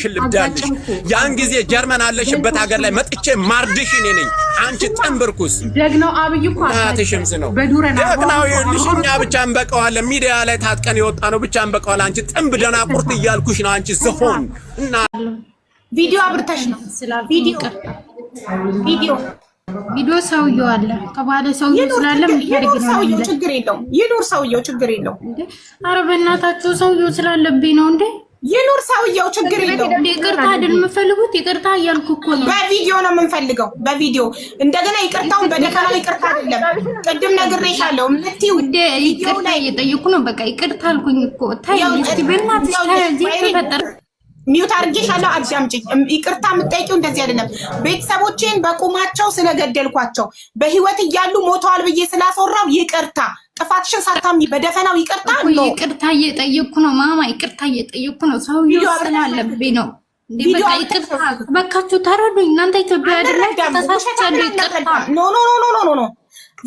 ሽልብዳለሽ። ያን ጊዜ ጀርመን አለሽበት ሀገር ላይ መጥቼ ማርድሽ እኔ ነኝ። አንቺ ጠንብርኩስ ደግነው አብይ እኮ አትሽምስ ነው ደግናው ይልሽ። እኛ ብቻ እንበቀዋለን። ሚዲያ ላይ ታጥቀን የወጣ ነው ብቻ እንበቀዋለን። አንቺ ጥንብ ደናቁርት እያልኩሽ ነው። አንቺ ዝሆን እና ቪዲዮ አብርተሽ ነው ቪዲዮ ቪዲዮ ቪዲዮ ሰውየው አለ ከባለ ሰውየው ስላለ ምንድርግ ነው ችግር የለው ይኑር ሰውየው ችግር የለው። አረ በእናታችሁ ሰውየው ስላለብኝ ነው እንዴ ይኑር ሰውየው፣ ችግር የለውም። ይቅርታ አይደል የምፈልጉት? ይቅርታ እያልኩ እኮ ነው። በቪዲዮ ነው የምንፈልገው፣ በቪዲዮ እንደገና። ይቅርታውን በደካማ ይቅርታ አይደለም። ቅድም ነግሬሻለሁ። የምትይው ይቅርታ እየጠየኩ ነው። በቃ ይቅርታ አልኩኝ እኮ። ታይ እስቲ ሚውት አድርጌሻለሁ። አዳምጪኝ። ይቅርታ የምጠይቂው እንደዚህ አይደለም። ቤተሰቦቼን በቁማቸው ስለገደልኳቸው በህይወት እያሉ ሞተዋል ብዬ ስላስወራው ይቅርታ ጥፋትሽን ሳታሚ በደፈናው ይቅርታ ነው። ይቅርታ እየጠየኩ ነው ማማ፣ ይቅርታ እየጠየኩ ነው። ሰው ስላለብኝ ነው። በቃችሁ ተረዱኝ። እናንተ ኢትዮጵያ ኖ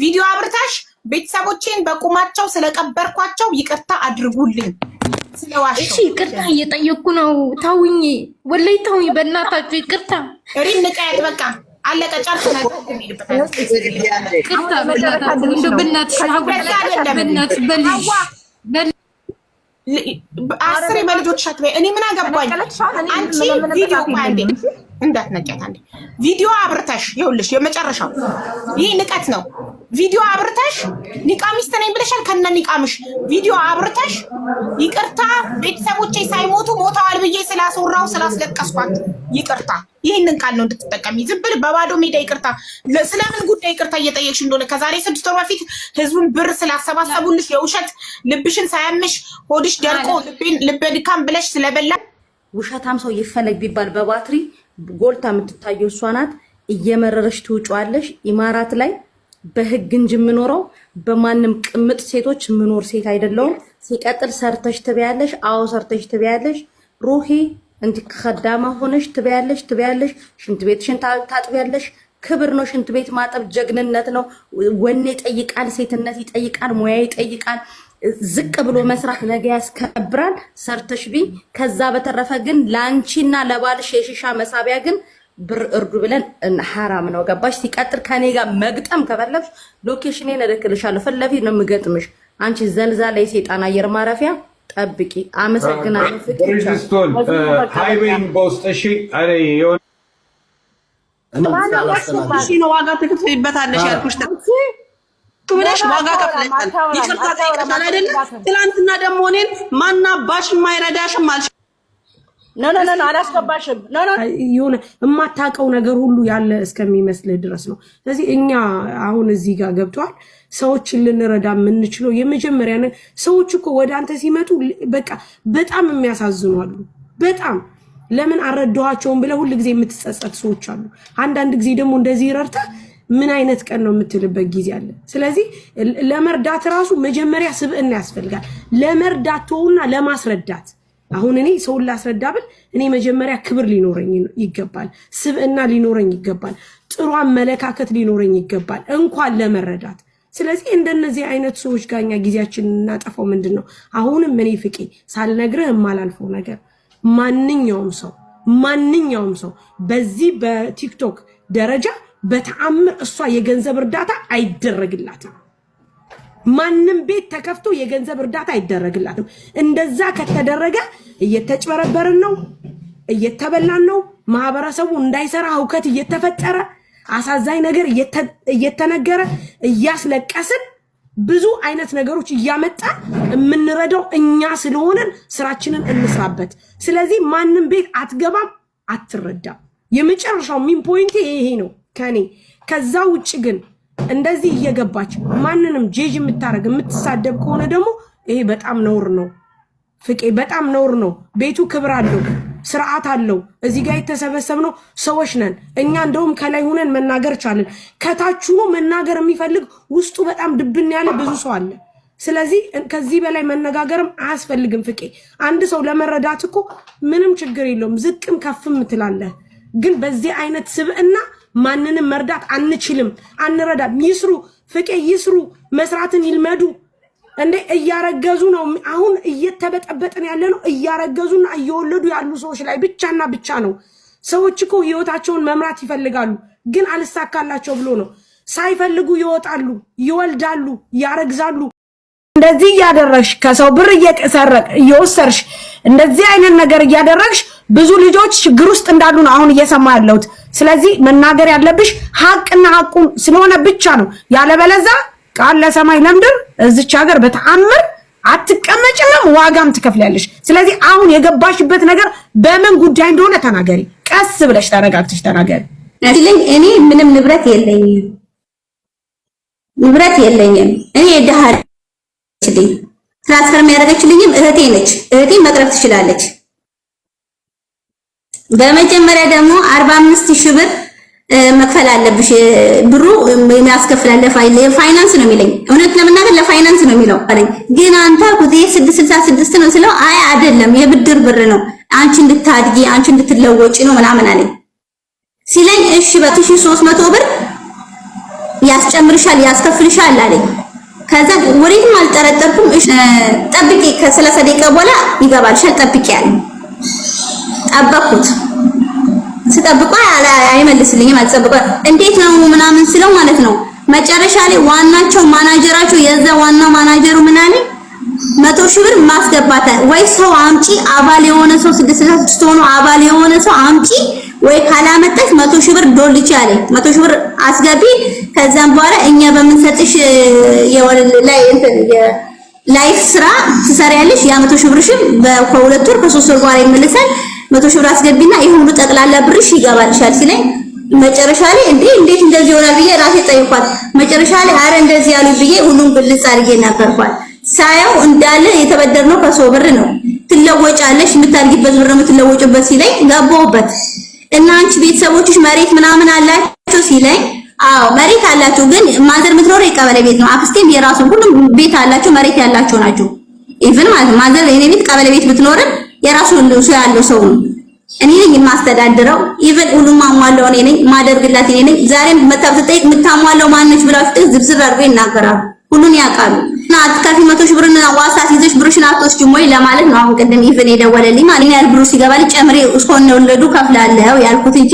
ቪዲዮ አብርታሽ ቤተሰቦቼን በቁማቸው ስለቀበርኳቸው ይቅርታ አድርጉልኝ እሺ ይቅርታ እየጠየኩ ነው። ታውኝ ወላይ ታውኝ፣ በእናታችሁ ይቅርታ ሪም ንቀያት በቃ አለቀ። ጨርስ ነገር እንሄድበታለን። አስሬ በልጆችሽ አትበይ። እኔ ምን አገባኝ? አንቺ ቪዲዮ አንዴ እንዳትነቂያት አንዴ ቪዲዮ አብርተሽ ይኸውልሽ፣ የመጨረሻው ይህ ንቀት ነው። ቪዲዮ አብርተሽ ኒቃ ሚስት ነኝ ብለሻል። ከነ ኒቃምሽ ቪዲዮ አብርተሽ ይቅርታ ቤተሰቦቼ ሳይሞቱ ሞተዋል ብዬ ስላስወራው ስላስለቀስኳቸው ይቅርታ ይህንን ቃል ነው እንድትጠቀሚ። ዝም ብለህ በባዶ ሜዳ ይቅርታ፣ ስለምን ጉዳይ ይቅርታ እየጠየቅሽ እንደሆነ ከዛሬ ስድስት ወር በፊት ህዝቡን ብር ስላሰባሰቡልሽ የውሸት ልብሽን ሳያምሽ ሆድሽ ደርቆ ልቤ ድካም ብለሽ ስለበላ ውሸታም ሰው ይፈለግ ቢባል በባትሪ ጎልታ የምትታየው እሷ ናት። እየመረረሽ ኢማራት ላይ በህግ እንጂ የምኖረው በማንም ቅምጥ ሴቶች የምኖር ሴት አይደለውም። ሲቀጥል ሰርተሽ ትበያለሽ። አዎ ሰርተሽ ትበያለሽ ሩሄ እንዲ ከዳማ ሆነሽ ትበያለሽ ትበያለሽ፣ ሽንት ቤትሽን ታጥቢያለሽ። ክብር ነው ሽንት ቤት ማጠብ፣ ጀግንነት ነው። ወኔ ይጠይቃል፣ ሴትነት ይጠይቃል፣ ሙያ ይጠይቃል። ዝቅ ብሎ መስራት ነገ ያስከብራል። ሰርተሽ ቢ ከዛ በተረፈ ግን ለአንቺና ለባልሽ የሺሻ መሳቢያ ግን ብር እርዱ ብለን ሐራም ነው። ገባሽ? ሲቀጥር ከኔ ጋር መግጠም ከፈለግሽ ሎኬሽኔን እልክልሻለሁ። ፊት ለፊት ነው የምገጥምሽ። አንቺ ላይ ሴጣን አየር ማረፊያ ጠብቂ። አመሰግናለሁ። ፍቅርስቶን ሃይዌይን በውስጥ እሺ። ነው ዋጋ ትከፍይበታለሽ ያልኩሽ ብለሽ ዋጋ ከፍለሻል። ይቅርታ ጠይቀሻል አይደለ? ትናንትና ደግሞ እኔን ማናባሽም አይረዳሽም አልሽ። አላስገባሽም። የማታውቀው ነገር ሁሉ ያለ እስከሚመስልህ ድረስ ነው። ስለዚህ እኛ አሁን እዚህ ጋር ገብቷል። ሰዎችን ልንረዳ የምንችለው የመጀመሪያ ሰዎች እኮ ወደ አንተ ሲመጡ በቃ በጣም የሚያሳዝኑ አሉ። በጣም ለምን አልረዳኋቸውም ብለ ሁል ጊዜ የምትጸጸት ሰዎች አሉ። አንዳንድ ጊዜ ደግሞ እንደዚህ ረርተ ምን አይነት ቀን ነው የምትልበት ጊዜ አለ። ስለዚህ ለመርዳት ራሱ መጀመሪያ ስብዕና ያስፈልጋል። ለመርዳት ተውና ለማስረዳት አሁን እኔ ሰውን ላስረዳ ብል እኔ መጀመሪያ ክብር ሊኖረኝ ይገባል፣ ስብዕና ሊኖረኝ ይገባል፣ ጥሩ አመለካከት ሊኖረኝ ይገባል። እንኳን ለመረዳት ስለዚህ እንደነዚህ አይነት ሰዎች ጋር እኛ ጊዜያችንን እናጠፋው ምንድን ነው? አሁንም እኔ ፍቄ ሳልነግርህ የማላልፈው ነገር ማንኛውም ሰው ማንኛውም ሰው በዚህ በቲክቶክ ደረጃ በተአምር እሷ የገንዘብ እርዳታ አይደረግላትም። ማንም ቤት ተከፍቶ የገንዘብ እርዳታ አይደረግላትም። እንደዛ ከተደረገ እየተጭበረበርን ነው፣ እየተበላን ነው። ማህበረሰቡ እንዳይሰራ እውከት እየተፈጠረ አሳዛኝ ነገር እየተነገረ እያስለቀስን ብዙ አይነት ነገሮች እያመጣ የምንረዳው እኛ ስለሆነን ስራችንን እንስራበት። ስለዚህ ማንም ቤት አትገባም፣ አትረዳም። የመጨረሻው ሚን ፖይንት ይሄ ነው ከኔ። ከዛ ውጭ ግን እንደዚህ እየገባች ማንንም ጄጅ የምታደርግ የምትሳደብ ከሆነ ደግሞ ይሄ በጣም ነውር ነው። ፍቄ በጣም ነውር ነው። ቤቱ ክብር አለው፣ ስርዓት አለው። እዚህ ጋር የተሰበሰብነው ሰዎች ነን እኛ። እንደውም ከላይ ሁነን መናገር ቻለን ከታች ሆኖ መናገር የሚፈልግ ውስጡ በጣም ድብን ያለ ብዙ ሰው አለ። ስለዚህ ከዚህ በላይ መነጋገርም አያስፈልግም። ፍቄ አንድ ሰው ለመረዳት እኮ ምንም ችግር የለውም፣ ዝቅም ከፍም ትላለህ። ግን በዚህ አይነት ስብዕና ማንንም መርዳት አንችልም። አንረዳም። ይስሩ ፍቄ፣ ይስሩ፣ መስራትን ይልመዱ። እንዴ እያረገዙ ነው። አሁን እየተበጠበጥን ያለ ነው። እያረገዙና እየወለዱ ያሉ ሰዎች ላይ ብቻና ብቻ ነው። ሰዎች እኮ ህይወታቸውን መምራት ይፈልጋሉ፣ ግን አልሳካላቸው ብሎ ነው። ሳይፈልጉ ይወጣሉ፣ ይወልዳሉ፣ ያረግዛሉ። እንደዚህ እያደረግሽ ከሰው ብር እየሰረቅ እየወሰርሽ እንደዚህ አይነት ነገር እያደረግሽ ብዙ ልጆች ችግር ውስጥ እንዳሉ ነው አሁን እየሰማ ያለሁት። ስለዚህ መናገር ያለብሽ ሀቅና ሀቁ ስለሆነ ብቻ ነው ያለበለዛ ቃል ለሰማይ ለምድር እዚች ሀገር በተአምር አትቀመጭም፣ ዋጋም ትከፍላለሽ። ስለዚህ አሁን የገባሽበት ነገር በምን ጉዳይ እንደሆነ ተናገሪ። ቀስ ብለሽ ተረጋግተሽ ተናገሪ። እኔ ምንም ንብረት የለኝም፣ ንብረት የለኝም። እኔ የድሃ ልጅ ትራንስፈር ያደረገችልኝም እህቴ ነች። እህቴ መቅረብ ትችላለች። በመጀመሪያ ደግሞ 45 ሺህ ብር መክፈል አለብሽ ብሩ ያስከፍላል። ለፋይናንስ ነው የሚለኝ። እውነት ለምናገር ለፋይናንስ ነው የሚለው አለኝ። ግን አንተ ሁዜ 666 ነው ስለው አይ አይደለም የብድር ብር ነው አንቺ እንድታድጊ አንቺ እንድትለወጪ ነው ምናምን አለኝ ሲለኝ እሺ በትሽ ሶስት ብር ያስጨምርሻል ያስከፍልሻል አለኝ። ከዛ ወዴትም አልጠረጠርኩም። ጠብቂ ከ ከ30 ደቂቃ በኋላ ይገባልሻል ጠብቂ አለኝ። ጠበኩት። ስጠብቆ አይመልስልኝም። አልጠብቆ እንዴት ነው ምናምን ስለው ማለት ነው መጨረሻ ላይ ዋናቸው ማናጀራቸው የዛ ዋና ማናጀሩ ምናምን መቶ ሺህ ብር ማስገባት ወይ ሰው አምጪ አባል የሆነ ሰው ስድስት ስድስት ሆኖ አባል የሆነ ሰው አምጪ ወይ ካላመጣሽ መቶ ሺህ ብር ዶል ይቻለ መቶ ሺህ ብር አስገቢ። ከዛም በኋላ እኛ በምንሰጥሽ ላይ ላይፍ ስራ ትሰሪያለሽ። ያ መቶ ሺህ ብርሽም ከሁለት ወር ከሶስት ወር በኋላ ይመለሳል። መቶ ሺህ ብር አስገቢና ይሄ ሁሉ ጠቅላላ ብርሽ ይገባልሻል ሲለኝ መጨረሻ ላይ እንዴ እንዴት እንደዚህ ሆነ ብዬ ራሴ ጠይቋል። መጨረሻ ላይ አረ እንደዚህ ያሉ ብዬ ሁሉም ግልጽ አድርጌ ነገርኳት። ሳየው እንዳለ የተበደርነው ከሰው ብር ነው። ትለወጫለሽ የምታድጊበት ብር ነው የምትለወጭበት ሲለኝ ገባሁበት እና አንቺ ቤተሰቦችሽ መሬት ምናምን አላቸው ሲለኝ አዎ መሬት አላቸው፣ ግን ማዘር የምትኖረው የቀበሌ ቤት ነው። አክስቴም የራሱ ሁሉም ቤት አላቸው፣ መሬት ያላቸው ናቸው። ኢቭን ማለት ማዘር የኔ ቤት ቀበሌ ቤት ብትኖርም የራሱ ልብሱ ያለው ሰው ነው። እኔ ነኝ የማስተዳድረው። ኢቨን ሁሉም ማሟላው እኔ ነኝ፣ ማደርግላት እኔ ነኝ። ዛሬም መታ ብትጠይቅ የምታሟላው ማነች ብላችሁ ዝብዝብ አድርገው ይናገራሉ። ሁሉን ያውቃሉ። እና አትካፊ መቶ ሺህ ብርን ዋሳ ይዘሽ ብርሽን አትወስጂም ወይ ለማለት ነው። አሁን ቅድም ኢቨን የደወለልኝ ማለት ያል ብሩ ሲገባል ጨምሬ እስኮን ነው ለዱ ከፍላለሁ ያልኩት እንጂ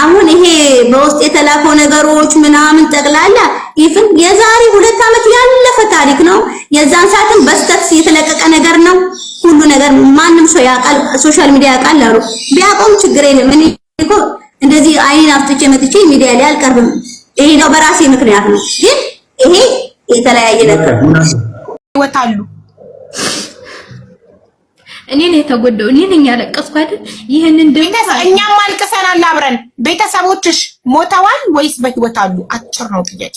አሁን ይሄ በውስጥ የተላከው ነገሮች ምናምን ጠቅላላ ኢቭን የዛሬ ሁለት ዓመት ያለፈ ታሪክ ነው። የዛን ሰዓትም በስተት የተለቀቀ ነገር ነው። ሁሉ ነገር ማንም ሰው ያውቃል፣ ሶሻል ሚዲያ ያውቃል አሉ። ቢያውቀውም ችግር የለም። እኔ እኮ እንደዚህ አይኔን አፍጥቼ መጥቼ ሚዲያ ላይ አልቀርብም። ይሄ ነው በራሴ ምክንያት ነው። ግን ይሄ የተለያየ ነገር ይወጣሉ። እኔ ነው የተጎዳው፣ እኔ ነኝ ያለቀስኩ አይደል? ይሄንን ደግሞ እኛም አልቅሰናል አብረን። ቤተሰቦችሽ ሞተዋል ወይስ በህይወት አሉ? አጭር ነው ጥያቄ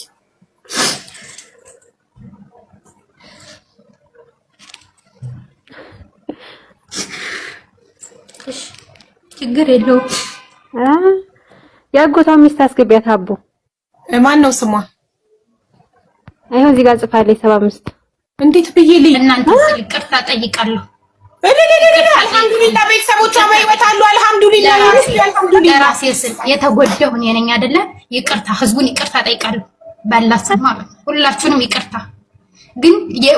እሺ፣ ችግር የለውም። የአጎቷ ሚስት አስገቢያት። አቦ ማን ነው ስሟ? አይሆን እዚህ ጋር ጽፋለች። ሰባ አምስት እንዴት ብዬ ልይ? እናንተ ይቅርታ ጠይቃለሁ። አልሐምዱሊላ ቤተሰቦቿ በህይወት አሉ። አልሐምዱሊላ ለራሴ ስል የተጎዳውን የነኝ አይደለ? ይቅርታ ህዝቡን ይቅርታ ጠይቃለሁ። ባላሰብ ሁላችሁንም ይቅርታ ግን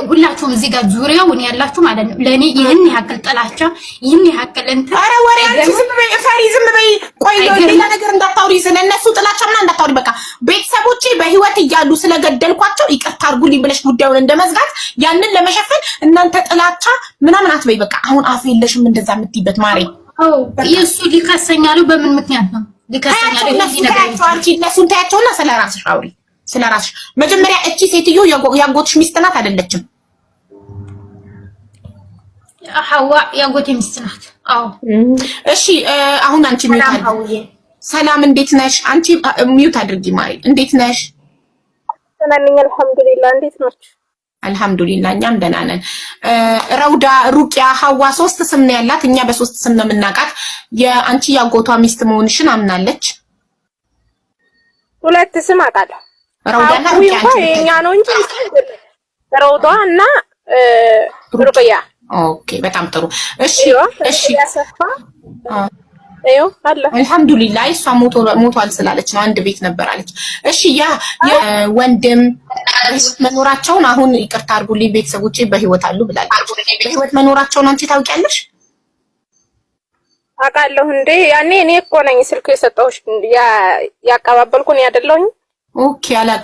ሁላችሁም እዚህ ጋር ዙሪያውን ያላችሁ ማለት ነው ለእኔ ይህን ያክል ጥላቻ ይህን ያክል እንትን ኧረ ወሬ ፈሪ ዝም በይ ቆይ ሌላ ነገር እንዳታውሪ ስለ እነሱ ጥላቻ ምናምን እንዳታውሪ በቃ ቤተሰቦቼ በህይወት እያሉ ስለገደልኳቸው ይቅርታ አድርጉልኝ ብለሽ ጉዳዩን እንደመዝጋት ያንን ለመሸፈን እናንተ ጥላቻ ምናምን አትበይ በቃ አሁን አፍ የለሽም እንደዛ የምትይበት ማሬ የእሱ ሊከሰኛሉ በምን ምክንያት ነው ሊከሰኛሉ እነሱን ታያቸውና ስለ ራስሽ አውሪ ስለ ራስሽ መጀመሪያ እቺ ሴትዮ ያጎትሽ ሚስት ናት አይደለችም? ሐዋ ያጎቴ ሚስት ናት። አዎ እሺ። አሁን አንቺ ሰላም እንዴት ነሽ? አንቺ ሚውት አድርጊ ማሪ። እንዴት ነሽ? ተናነኝ አልሐምዱሊላህ። እንዴት ነሽ? አልሐምዱሊላህ እኛም ደህና ነን። ረውዳ፣ ሩቅያ፣ ሐዋ ሶስት ስም ነው ያላት። እኛ በሶስት ስም ነው የምናውቃት። የአንቺ ያጎቷ ሚስት መሆንሽን አምናለች። ሁለት ስም አውቃለሁ የኛ ነው እንጂ ረውዷ እና ሩቅያ። ኦኬ በጣም ጥሩ። እሺ እሺ፣ አልሐምዱሊላህ እሷ ሞቷል ስላለች ነው አንድ ቤት ነበር አለች። እሺ ያ ወንድም በህይወት መኖራቸውን አሁን ይቅርታ አድርጉልኝ ቤተሰቦች በህይወት አሉ ብላለች። በህይወት መኖራቸውን አንቺ ታውቂያለሽ? አውቃለሁ እንዴ ያኔ እኔ እኮ ነኝ ስልኩ የሰጠሁሽ ኦኬ አላውቅም።